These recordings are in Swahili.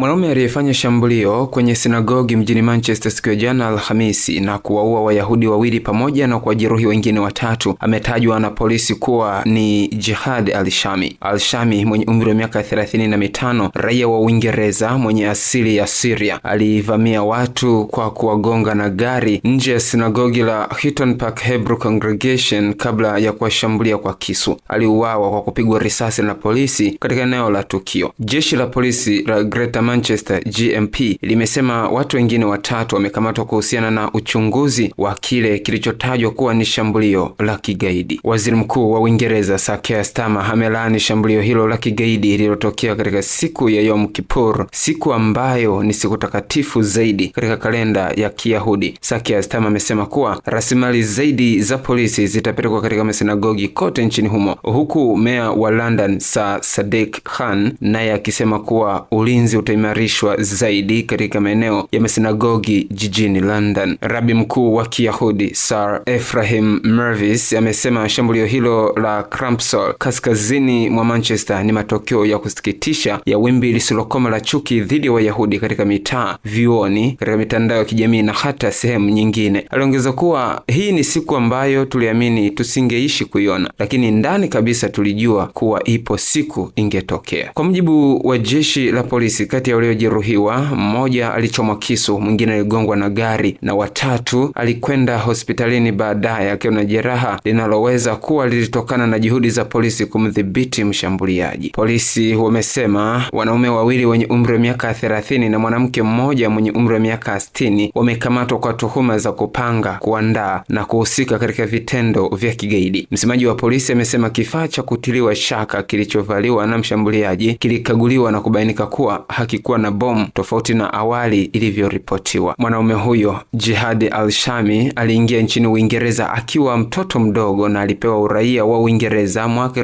Mwanaume aliyefanya shambulio kwenye sinagogi mjini Manchester siku ya jana Alhamisi na kuwaua Wayahudi wawili pamoja na kuwajeruhi wengine watatu ametajwa na polisi kuwa ni Jihad Alshami. Alshami mwenye umri wa miaka thelathini na mitano, raia wa Uingereza mwenye asili ya Siria, alivamia watu kwa kuwagonga na gari nje ya sinagogi la Hitton Park Hebrew Congregation kabla ya kuwashambulia kwa kisu. Aliuawa kwa kupigwa risasi na polisi katika eneo la tukio. Jeshi la polisi la Greater Manchester GMP limesema watu wengine watatu wamekamatwa kuhusiana na uchunguzi wa kile kilichotajwa kuwa ni shambulio la kigaidi. Waziri Mkuu wa Uingereza Sir Keir Starmer amelaani shambulio hilo la kigaidi lililotokea katika siku ya Yom Kippur, siku ambayo ni siku takatifu zaidi katika kalenda ya Kiyahudi. Sir Keir Starmer amesema kuwa rasilimali zaidi za polisi zitapelekwa katika masinagogi kote nchini humo, huku meya wa London Sir Sadiq Khan naye akisema kuwa ulinzi uta kuimarishwa zaidi katika maeneo ya masinagogi jijini London. Rabi mkuu wa Kiyahudi Sir Ephraim Mervis amesema shambulio hilo la Crumpsall kaskazini mwa Manchester ni matokeo ya kusikitisha ya wimbi lisilokoma la chuki dhidi ya Wayahudi katika mitaa, vioni katika mitandao ya kijamii na hata sehemu nyingine. Aliongeza kuwa hii ni siku ambayo tuliamini tusingeishi kuiona, lakini ndani kabisa tulijua kuwa ipo siku ingetokea. Kwa mujibu wa jeshi la polisi kati ya waliojeruhiwa, mmoja alichomwa kisu, mwingine aligongwa na gari na watatu alikwenda hospitalini baadaye akiwa na jeraha linaloweza kuwa lilitokana na juhudi za polisi kumdhibiti mshambuliaji. Polisi wamesema wanaume wawili wenye umri wa miaka 30 na mwanamke mmoja mwenye umri wa miaka 60 wamekamatwa kwa tuhuma za kupanga, kuandaa na kuhusika katika vitendo vya kigaidi. Msemaji wa polisi amesema kifaa cha kutiliwa shaka kilichovaliwa na mshambuliaji kilikaguliwa na kubainika kuwa haki kikuwa na bomu tofauti na awali ilivyoripotiwa. Mwanaume huyo Jihadi Al-Shami aliingia nchini Uingereza akiwa mtoto mdogo na alipewa uraia wa Uingereza mwaka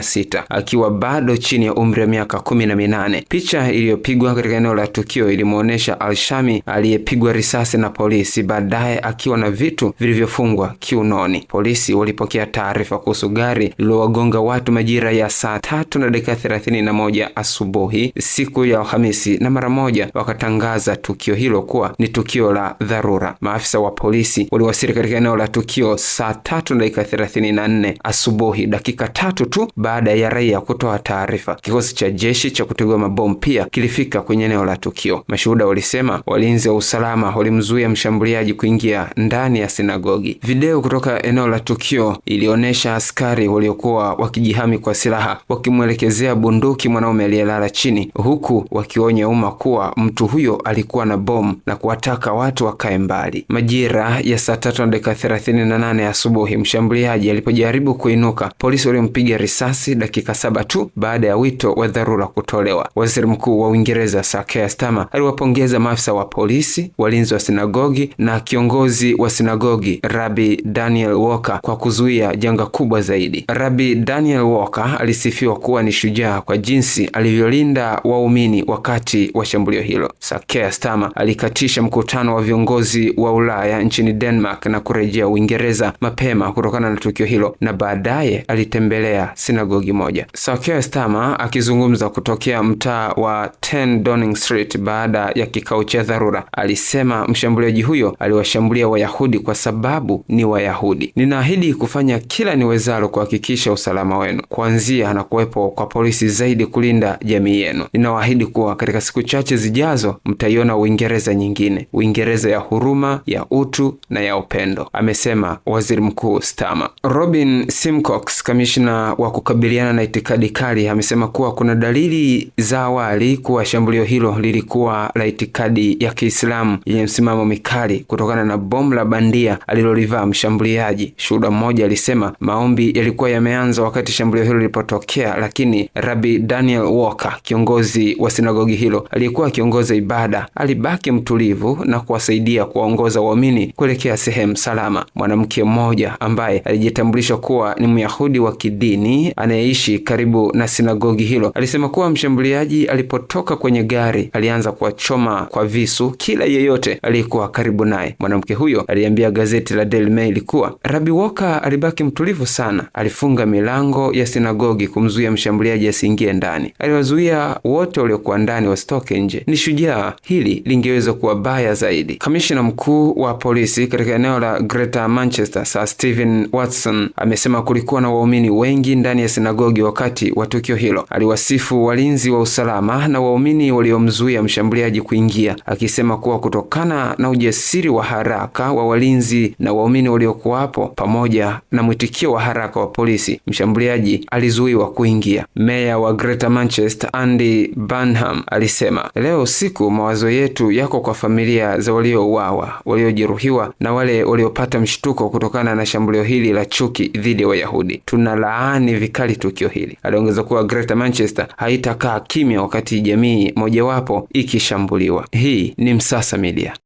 sita akiwa bado chini ya umri wa miaka kumi na minane. Picha iliyopigwa katika eneo la tukio ilimwonyesha Al-Shami aliyepigwa risasi na polisi, baadaye akiwa na vitu vilivyofungwa kiunoni. Polisi walipokea taarifa kuhusu gari lililowagonga watu majira ya saa tatu na dakika 31 asubuhi siku ya Alhamisi na mara moja wakatangaza tukio hilo kuwa ni tukio la dharura. Maafisa wa polisi waliwasili katika eneo la tukio saa tatu na dakika thelathini na nne asubuhi, dakika tatu tu baada ya raia kutoa taarifa. Kikosi cha jeshi cha kutegua mabomu pia kilifika kwenye eneo la tukio. Mashuhuda walisema walinzi wa usalama walimzuia mshambuliaji kuingia ndani ya sinagogi. Video kutoka eneo la tukio ilionyesha askari waliokuwa wakijihami kwa silaha wakimwelekezea bunduki mwanaume aliyelala chini huku waki akionya umma kuwa mtu huyo alikuwa na bomu na kuwataka watu wakae mbali. Majira ya saa tatu na dakika 38 asubuhi, mshambuliaji alipojaribu kuinuka, polisi walimpiga risasi dakika saba tu baada ya wito wa dharura kutolewa. Waziri Mkuu wa Uingereza Sir Keir Starmer aliwapongeza maafisa wa polisi, walinzi wa sinagogi na kiongozi wa sinagogi Rabi Daniel Walker kwa kuzuia janga kubwa zaidi. Rabi Daniel Walker alisifiwa kuwa ni shujaa kwa jinsi alivyolinda waumini wa wakati wa shambulio hilo. Sakea Stama alikatisha mkutano wa viongozi wa Ulaya nchini Denmark na kurejea Uingereza mapema kutokana na tukio hilo, na baadaye alitembelea sinagogi moja. Sakea Stama akizungumza kutokea mtaa wa 10 Downing Street baada ya kikao cha dharura, alisema mshambuliaji huyo aliwashambulia Wayahudi kwa sababu ni Wayahudi. Ninaahidi kufanya kila niwezalo kuhakikisha usalama wenu, kuanzia na kuwepo kwa polisi zaidi kulinda jamii yenu. Ninawaahidi kuwa katika siku chache zijazo mtaiona Uingereza nyingine, Uingereza ya huruma, ya utu na ya upendo, amesema Waziri Mkuu stama Robin Simcox, kamishna wa kukabiliana na itikadi kali, amesema kuwa kuna dalili za awali kuwa shambulio hilo lilikuwa la itikadi ya Kiislamu yenye msimamo mikali kutokana na bomu la bandia alilolivaa mshambuliaji. Shuhuda mmoja alisema maombi yalikuwa yameanza wakati shambulio hilo lilipotokea, lakini Rabi Daniel Walker, kiongozi wa sinago sinagogi hilo aliyekuwa akiongoza ibada alibaki mtulivu na kuwasaidia kuwaongoza waumini kuelekea sehemu salama. Mwanamke mmoja ambaye alijitambulisha kuwa ni Myahudi wa kidini anayeishi karibu na sinagogi hilo alisema kuwa mshambuliaji alipotoka kwenye gari alianza kuwachoma kwa visu kila yeyote aliyekuwa karibu naye. Mwanamke huyo aliambia gazeti la Daily Mail kuwa Rabi Walker alibaki mtulivu sana, alifunga milango ya sinagogi kumzuia mshambuliaji asiingie ndani, aliwazuia wote waliokuwa ndani ndani wasitoke nje. Ni shujaa, hili lingeweza kuwa baya zaidi. Kamishina mkuu wa polisi katika eneo la Greater Manchester Sir Stephen Watson amesema kulikuwa na waumini wengi ndani ya sinagogi wakati wa tukio hilo. Aliwasifu walinzi wa usalama na waumini waliomzuia mshambuliaji kuingia, akisema kuwa kutokana na ujasiri wa haraka wa walinzi na waumini waliokuwapo pamoja na mwitikio wa haraka wa polisi, mshambuliaji alizuiwa kuingia. Meya wa Greater Manchester Andy banham Salaam alisema leo usiku mawazo yetu yako kwa familia za waliouawa, waliojeruhiwa na wale waliopata mshtuko kutokana na shambulio hili la chuki dhidi ya Wayahudi. Tunalaani vikali tukio hili. Aliongeza kuwa Greater Manchester haitakaa kimya wakati jamii mojawapo ikishambuliwa. Hii ni Msasa Media.